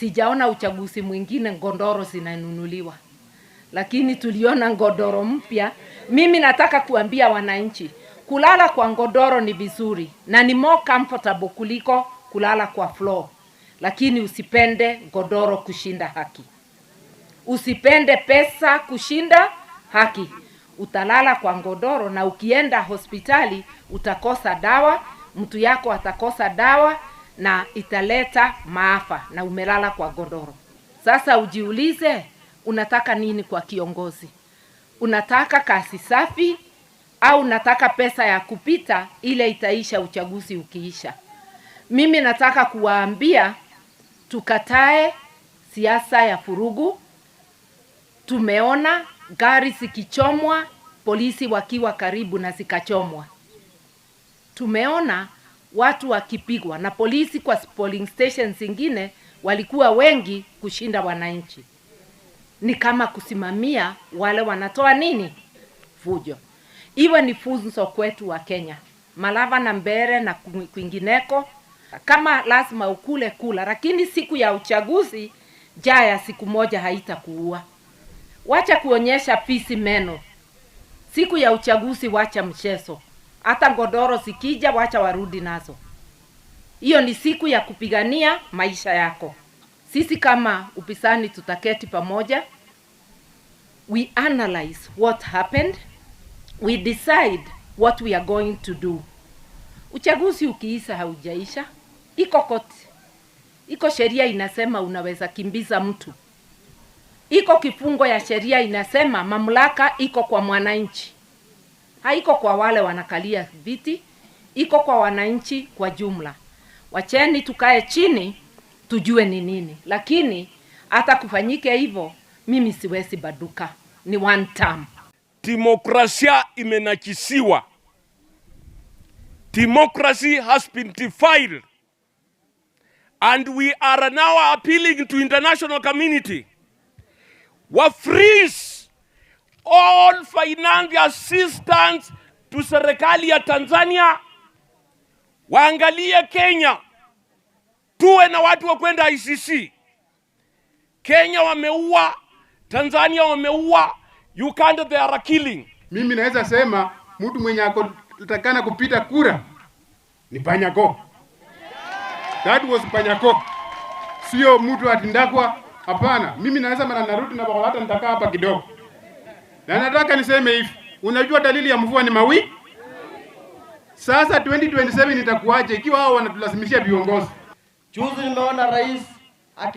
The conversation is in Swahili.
sijaona uchaguzi mwingine ngondoro zinanunuliwa, lakini tuliona ngondoro mpya. Mimi nataka kuambia wananchi, kulala kwa ngondoro ni vizuri na ni more comfortable kuliko kulala kwa floor, lakini usipende ngondoro kushinda haki, usipende pesa kushinda haki. Utalala kwa ngondoro na ukienda hospitali utakosa dawa, mtu yako atakosa dawa na italeta maafa na umelala kwa godoro. Sasa ujiulize, unataka nini kwa kiongozi? Unataka kasi safi au unataka pesa ya kupita ile itaisha uchaguzi ukiisha? Mimi nataka kuwaambia tukatae siasa ya furugu. Tumeona gari zikichomwa, polisi wakiwa karibu na zikachomwa. Tumeona watu wakipigwa na polisi kwa polling stations zingine walikuwa wengi kushinda wananchi. Ni kama kusimamia wale wanatoa nini fujo. Iwe ni funzo kwetu wa Kenya, Malava na Mbere na kwingineko, kama lazima ukule kula, lakini siku ya uchaguzi, jaya, ya siku moja haitakuua. Wacha kuonyesha fisi meno siku ya uchaguzi, wacha mchezo hata godoro zikija, wacha warudi nazo. Hiyo ni siku ya kupigania maisha yako. Sisi kama upisani tutaketi pamoja, we analyze what happened, we decide what we are going to do. Uchaguzi ukiisa haujaisha, iko koti, iko sheria inasema unaweza kimbiza mtu, iko kifungo ya sheria inasema mamlaka iko kwa mwananchi haiko kwa wale wanakalia viti, iko kwa wananchi kwa jumla. Wacheni tukae chini tujue ni nini, lakini hata kufanyike hivyo, mimi siwezi baduka, ni one term. Demokrasia imenakisiwa Democracy has been defiled and we are now appealing to international community wa freeze all financial assistance to serikali ya Tanzania, waangalie Kenya, tuwe na watu wa kwenda ICC. Kenya wameua, Tanzania wameua, Uganda they are killing. Mimi naweza sema mtu mwenye akotakana kupita kura ni Panyako. That was Panyako, sio mtu atindakwa. Hapana, mimi naweza mara narudi na hata nitakaa hapa kidogo na nataka niseme hivi, unajua dalili ya mvua ni mawi. Sasa 2027 itakuwaje ikiwa hao wanatulazimishia viongozi? Juzi nimeona rais aki